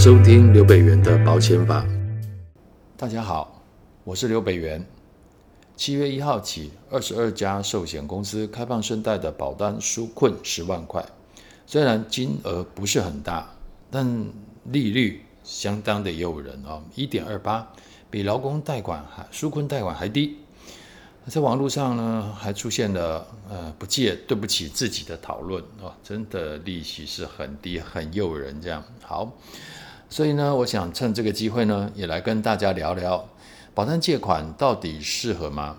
收聽劉北元的保險法。大家好，我是劉北元。七月一號起，二十二家壽險公司開放申貸的保單紓困十萬塊。雖然金額不是很大，但利率相當的誘人哦，一點二八，比勞工貸款還紓困貸款還低。在網絡上呢，還出現了呃，不借對不起自己的討論，哦，真的利息是很低，很誘人這樣。好。所以呢，我想趁這個機會呢，也來跟大家聊聊，保單借款到底適合嗎？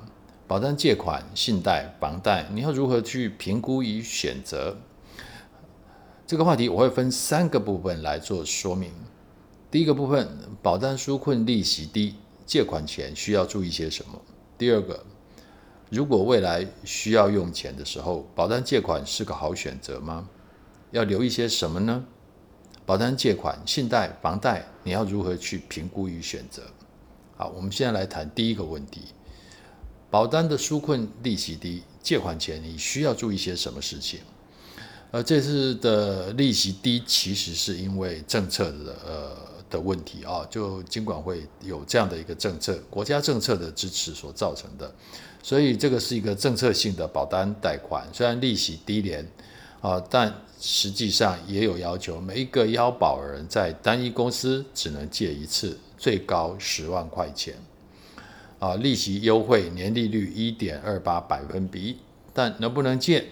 保單借款、信貸、房貸，你要如何去評估與選擇？這個話題我會分三個部分來做說明。第一個部分，保單紓困利息低，借款前需要注意些什麼？第二個，如果未來需要用錢的時候，保單借款是個好選擇嗎？要留意些什麼呢？保單借款、信貸、房貸，你要如何去評估與選擇？好，我們現在來談第一個問題：保單的紓困利息低，借款前你需要注意些什麼事情？呃，這次的利息低，其實是因為政策的呃的問題啊，就尽管會有這樣的一個政策，國家政策的支持所造成的，所以這個是一個政策性的保單貸款，雖然利息低廉。啊，但實際上也有要求，每一個要保人在單一公司只能借一次，最高十萬塊錢。啊，利息優惠，年利率一點二八百分比。但能不能借，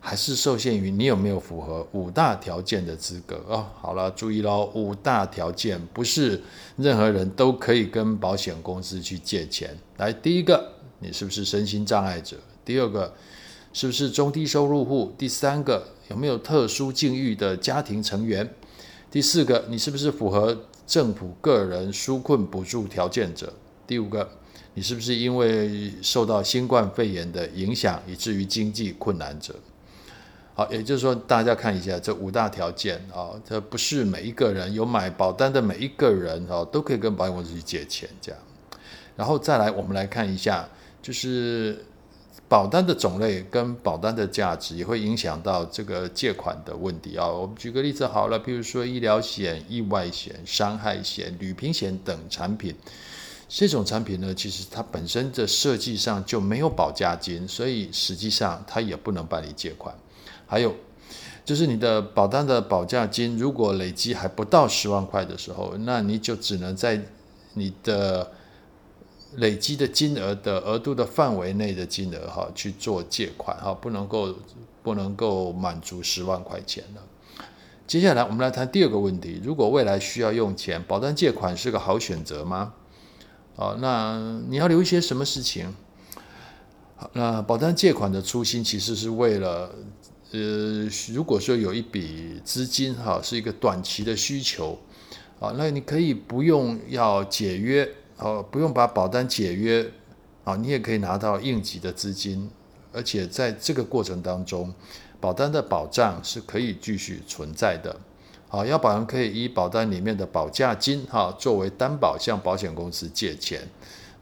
還是受限於你有沒有符合五大條件的資格啊，哦。好了，注意嘍，五大條件不是任何人都可以跟保險公司去借錢。來，第一個，你是不是身心障礙者？第二個。是不是中低收入戶？第三個，有沒有特殊境遇的家庭成員？第四個，你是不是符合政府個人紓困補助條件者？第五個，你是不是因為受到新冠肺炎的影響，以至於經濟困難者？好，也就是說，大家看一下這五大條件啊、哦，這不是每一個人有買保單的每一個人啊、哦，都可以跟保險公司去借錢這樣。然後再來，我們來看一下，就是。保單的種類跟保單的價值也會影響到這個借款的問題啊、哦。我們舉個例子好了，比如說醫療險、意外險、傷害險、旅平險等產品，這種產品呢，其實它本身的設計上就沒有保價金，所以實際上它也不能辦理借款。還有就是你的保單的保價金如果累積還不到十萬塊的時候，那你就只能在你的。累積的金額的額度的範圍內的金額哈去做借款哈，不能夠不能夠滿足十萬塊錢了。接下來我們來談第二個問題：如果未來需要用錢，保單借款是個好選擇嗎？啊，那你要留意一些什麼事情？那保單借款的初心其實是為了，呃，如果說有一筆資金哈是一個短期的需求，啊，那你可以不用要解約。哦，不用把保單解約，啊、哦，你也可以拿到應急的資金，而且在這個過程當中，保單的保障是可以繼續存在的。啊、哦，要保人可以以保單裡面的保價金哈、哦、作為擔保向保險公司借錢，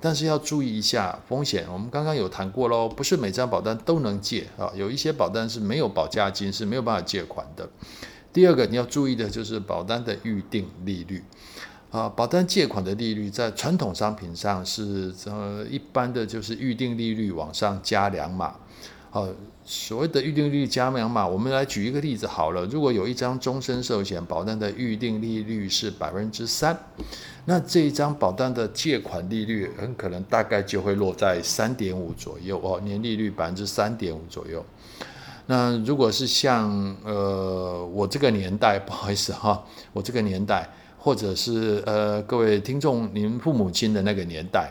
但是要注意一下風險，我們剛剛有談過嘍，不是每張保單都能借啊、哦，有一些保單是沒有保價金是沒有辦法借款的。第二個你要注意的就是保單的預定利率。啊，保單借款的利率在傳統商品上是呃一般的就是預定利率往上加兩碼，啊，所謂的預定利率加兩碼，我們來舉一個例子好了，如果有一張終身壽險保單的預定利率是百分之三，那這一張保單的借款利率很可能大概就會落在三點五左右哦，年利率百分之三點五左右。那如果是像呃我這個年代，不好意思哈、啊，我這個年代。或者是呃，各位聽眾，您父母親的那個年代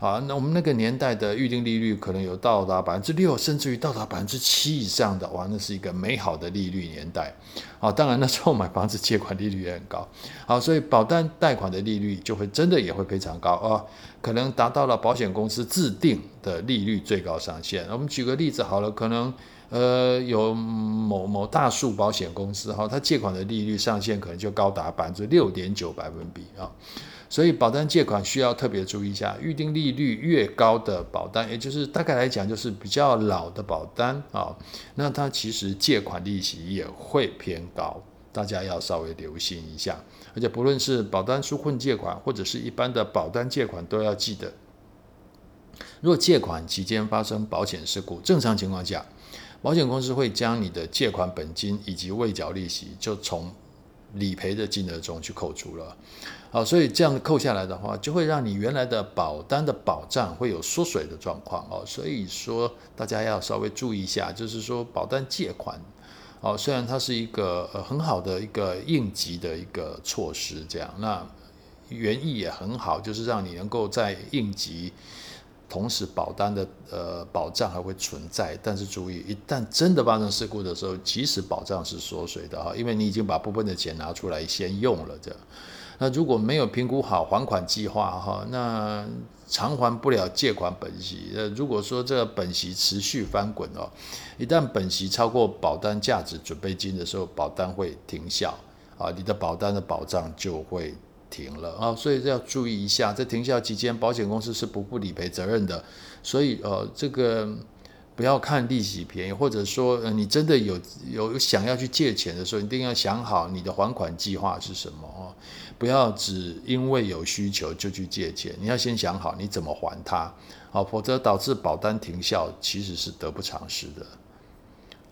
啊，那我們那個年代的預定利率可能有到達百分之六，甚至於到達百分之七以上的哇，那是一個美好的利率年代啊。當然那時候買房子借款利率也很高，好、啊，所以保單貸款的利率就會真的也會非常高啊，可能達到了保險公司制定的利率最高上限。我們舉個例子好了，可能。呃，有某某大數保險公司哈、哦，它借款的利率上限可能就高達百分之六點九百分比啊，所以保單借款需要特別注意一下，預定利率越高的保單，也就是大概來講就是比較老的保單啊、哦，那它其實借款利息也會偏高，大家要稍微留心一下。而且不論是保單紓困借款或者是一般的保單借款，都要記得，若借款期間發生保險事故，正常情況下。保險公司會將你的借款本金以及未繳利息，就從理賠的金額中去扣除了。好，所以這樣扣下來的話，就會讓你原來的保單的保障會有縮水的狀況哦。所以說，大家要稍微注意一下，就是說保單借款，哦，雖然它是一個很好的一個應急的一個措施，這樣那原意也很好，就是讓你能夠在應急。同時，保單的呃保障還會存在，但是注意，一旦真的發生事故的時候，即使保障是縮水的哈，因為你已經把部分的錢拿出來先用了這。那如果沒有評估好還款計劃哈，那償還不了借款本息。呃，如果說這個本息持續翻滾哦，一旦本息超過保單價值準備金的時候，保單會停效啊，你的保單的保障就會。停了啊、哦，所以要注意一下，在停效期間，保險公司是不負理賠責任的。所以呃，這個不要看利息便宜，或者說、呃、你真的有有想要去借錢的時候，一定要想好你的還款計劃是什麼哦，不要只因為有需求就去借錢，你要先想好你怎麼還它哦，否則導致保單停效其實是得不償失的。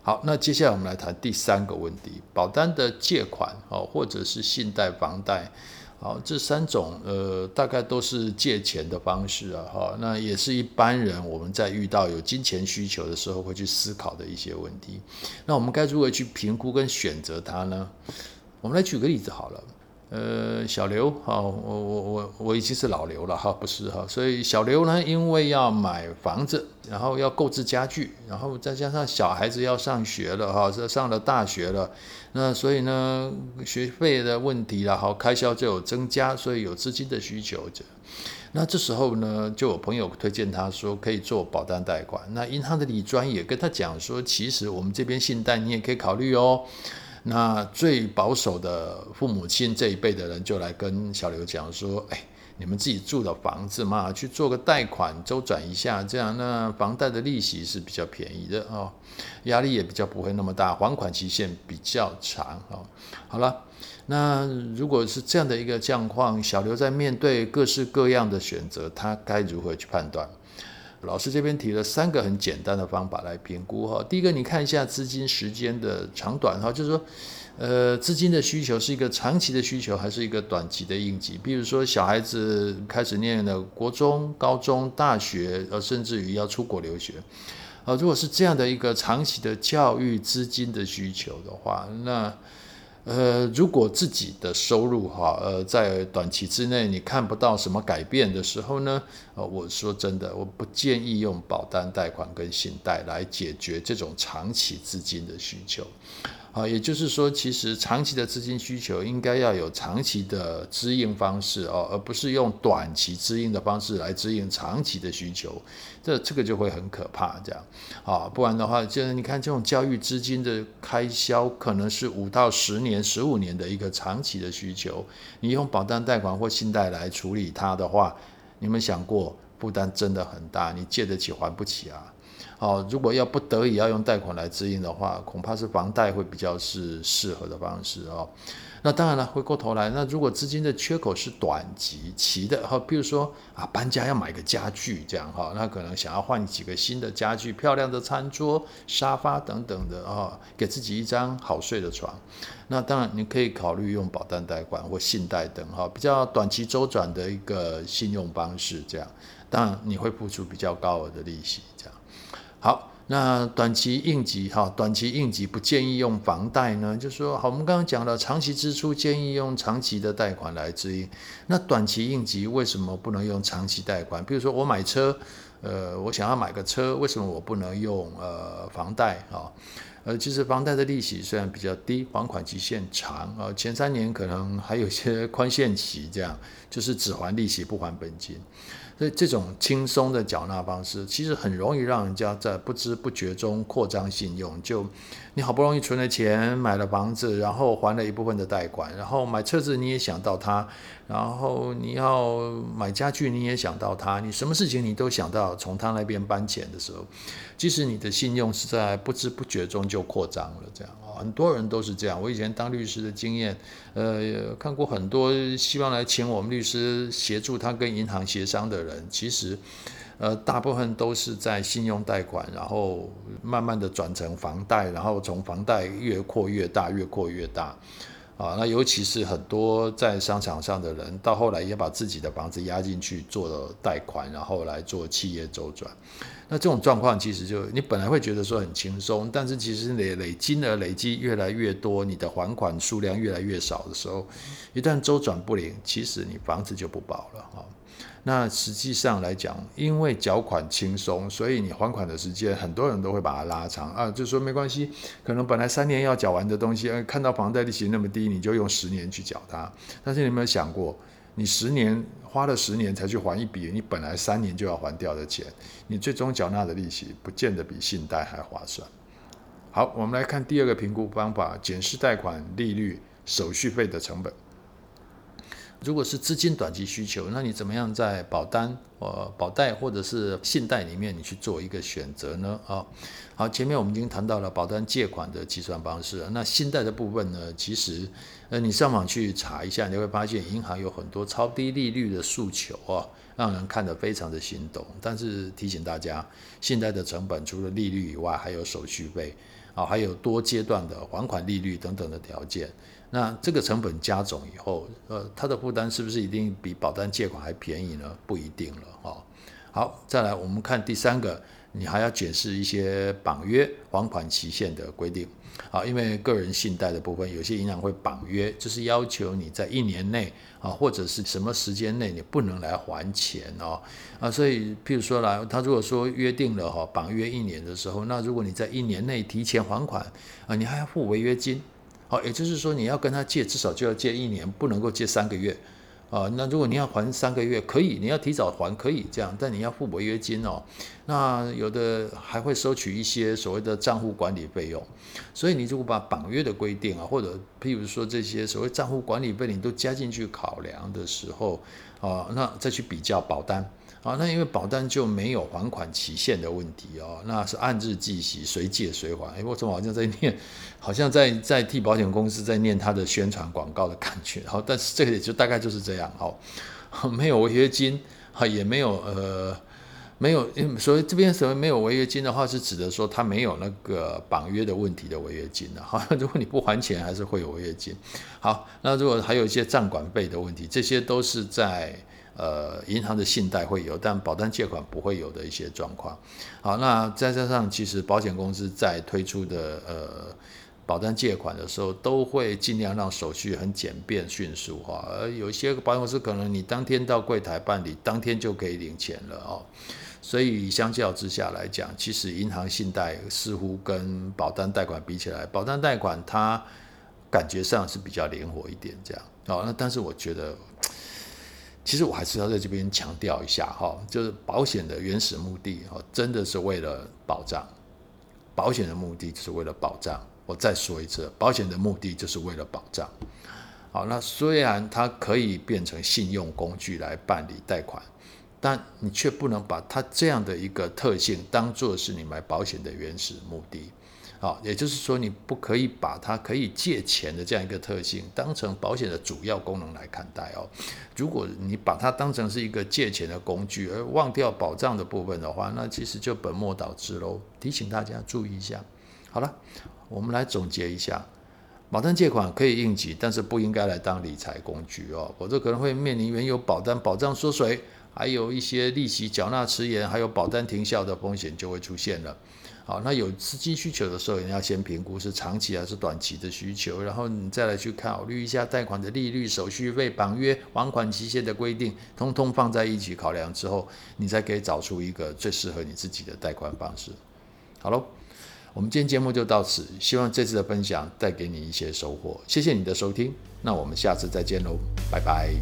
好，那接下來我們來談第三個問題：保單的借款哦，或者是信貸、房貸。好，這三種呃，大概都是借錢的方式啊，哈、哦，那也是一般人我們在遇到有金錢需求的時候會去思考的一些問題。那我們該如何去評估跟選擇它呢？我們來舉個例子好了。呃，小劉，哈、哦，我我我我已經是老劉了，哈，不是哈，所以小劉呢，因為要買房子，然後要購置家具，然後再加上小孩子要上學了，哈，這上了大學了，那所以呢，學費的問題了，好，開銷就有增加，所以有資金的需求者。那這時候呢，就有朋友推薦他說可以做保單貸款，那銀行的理專也跟他講說，其實我們這邊信貸你也可以考慮哦。那最保守的父母親這一輩的人，就來跟小劉講說：“哎，你們自己住的房子嘛，去做個貸款周轉一下，這樣那房貸的利息是比較便宜的哦，壓力也比較不會那麼大，還款期限比較長哦。”好了，那如果是這樣的一個狀況，小劉在面對各式各樣的選擇，他該如何去判斷？老師這邊提了三個很簡單的方法來評估哈，第一個，你看一下資金時間的長短哈，就是說，呃，資金的需求是一個長期的需求還是一個短期的應急？比如說小孩子開始念了國中、高中、大學，呃，甚至於要出國留學，啊，如果是這樣的一個長期的教育資金的需求的話，那。呃，如果自己的收入哈，啊，呃，在短期之內你看不到什麼改變的時候呢，呃，我說真的，我不建議用保單貸款跟信貸來解決這種長期資金的需求。啊，也就是說，其實長期的資金需求應該要有長期的支應方式哦，而不是用短期支應的方式來支應長期的需求，這這個就會很可怕，這樣，啊，不然的話，就是你看這種教育資金的開銷，可能是五到十年、十五年的一個長期的需求，你用保單貸款或信貸來處理它的話，你有沒有想過負擔真的很大，你借得起還不起啊？好、哦，如果要不得已要用貸款來支應的話，恐怕是房貸會比較是適合的方式哦。那當然了，回過頭來，那如果資金的缺口是短期期的哈，哦、比如說啊搬家要買個家具這樣哈、哦，那可能想要換幾個新的家具，漂亮的餐桌、沙發等等的啊、哦，給自己一張好睡的床。那當然你可以考慮用保單貸款或信貸等哈，比較短期周轉的一個信用方式這樣，當然你會付出比較高額的利息這樣。好，那短期應急哈，短期應急不建議用房貸呢，就是說好，我們剛剛講了長期支出建議用長期的貸款來支應。那短期應急為什麼不能用長期貸款？比如說我買車，呃，我想要買個車，為什麼我不能用呃房貸啊？呃，其實、呃就是、房貸的利息雖然比較低，還款期限長啊、呃，前三年可能還有些寬限期，這樣就是只還利息不還本金。所以這種輕鬆的繳納方式，其實很容易讓人家在不知不覺中擴張信用。就你好不容易存了錢，買了房子，然後還了一部分的貸款，然後買車子你也想到他，然後你要買家具你也想到他，你什麼事情你都想到從他那邊搬錢的時候，即使你的信用是在不知不覺中就擴張了這樣。很多人都是這樣。我以前當律師的經驗，呃，看過很多希望來請我們律師協助他跟銀行協商的人，其實，呃，大部分都是在信用貸款，然後慢慢地轉成房貸，然後從房貸越擴越大，越擴越大，啊，那尤其是很多在商場上的人，到後來也把自己的房子押進去做了貸款，然後來做企業周轉。那這種狀況其實就你本來會覺得說很輕鬆，但是其實累累金額累積越來越多，你的還款數量越來越少的時候，一旦周轉不靈，其實你房子就不保了。那實際上來講，因為繳款輕鬆，所以你還款的時間很多人都會把它拉長啊，就說沒關係，可能本來三年要繳完的東西，看到房貸利息那麼低，你就用十年去繳它。但是你有沒有想過？你十年花了十年才去還一筆，你本來三年就要還掉的錢，你最終繳納的利息不見得比信貸還划算。好，我們來看第二個評估方法，檢視貸款利率手續費的成本。如果是資金短期需求，那你怎麼樣在保單、呃保貸或者是信貸裡面你去做一個選擇呢？啊、哦，好，前面我們已經談到了保單借款的計算方式，那信貸的部分呢？其實，呃，你上網去查一下，你會發現銀行有很多超低利率的訴求啊、哦，讓人看得非常的心動。但是提醒大家，信貸的成本除了利率以外，還有手續費。啊，還有多階段的還款利率等等的條件，那這個成本加總以後，呃，它的負擔是不是一定比保單借款還便宜呢？不一定了，哈、哦。好，再來我們看第三個。你還要解釋一些綁約還款期限的規定啊，因為個人信貸的部分，有些銀行會綁約，就是要求你在一年內啊，或者是什麼時間內你不能來還錢哦啊，所以譬如說啦，他如果說約定了哈綁約一年的時候，那如果你在一年內提前還款啊，你還要付違約金，好，也就是說你要跟他借至少就要借一年，不能夠借三個月。啊，那如果你要還三個月，可以，你要提早還可以這樣，但你要付違約金哦。那有的還會收取一些所謂的賬戶管理費用，所以你如果把綁約的規定啊，或者譬如說這些所謂賬戶管理費，你都加進去考量的時候，啊，那再去比較保單。好、哦、那因為保單就沒有還款期限的問題哦，那是按日計息，隨借隨還。我怎麼好像在念，好像在在替保險公司在念他的宣傳廣告的感覺。好、哦，但是這個也就大概就是這樣、哦、沒有違約金也沒有呃，沒有。所以這邊所謂沒有違約金的話，是指的說他沒有那個綁約的問題的違約金好、啊、哈、哦。如果你不還錢，還是會有違約金。好，那如果還有一些賬管費的問題，這些都是在。呃，銀行的信貸會有，但保單借款不會有的一些狀況。好，那再加上其實保險公司在推出的呃保單借款的時候，都會盡量讓手續很簡便、迅速化。而、呃、有些保險公司可能你當天到櫃台辦理，當天就可以領錢了哦。所以相較之下來講，其實銀行信貸似乎跟保單貸款比起來，保單貸款它感覺上是比較靈活一點，這樣哦。那但是我覺得。其實我還是要在這邊強調一下哈，就是保險的原始目的哦，真的是為了保障。保險的目的就是為了保障。我再說一次，保險的目的就是為了保障。好，那雖然它可以變成信用工具來辦理貸款，但你卻不能把它這樣的一個特性當作是你買保險的原始目的。好，也就是說，你不可以把它可以借錢的這樣一個特性當成保險的主要功能來看待哦。如果你把它當成是一個借錢的工具，而忘掉保障的部分的話，那其實就本末倒置嘍。提醒大家注意一下。好了，我們來總結一下：保單借款可以應急，但是不應該來當理財工具哦。否則可能會面臨原有保單保障縮水，還有一些利息繳納遲延，還有保單停效的風險就會出現了。好，那有資金需求的時候，你要先評估是長期還是短期的需求，然後你再來去考慮一下貸款的利率、手續費、綁約、還款期限的規定，通通放在一起考量之後，你才可以找出一個最適合你自己的貸款方式。好咯，我們今天節目就到此，希望這次的分享帶給你一些收穫。謝謝你的收聽，那我們下次再見嘍，拜拜。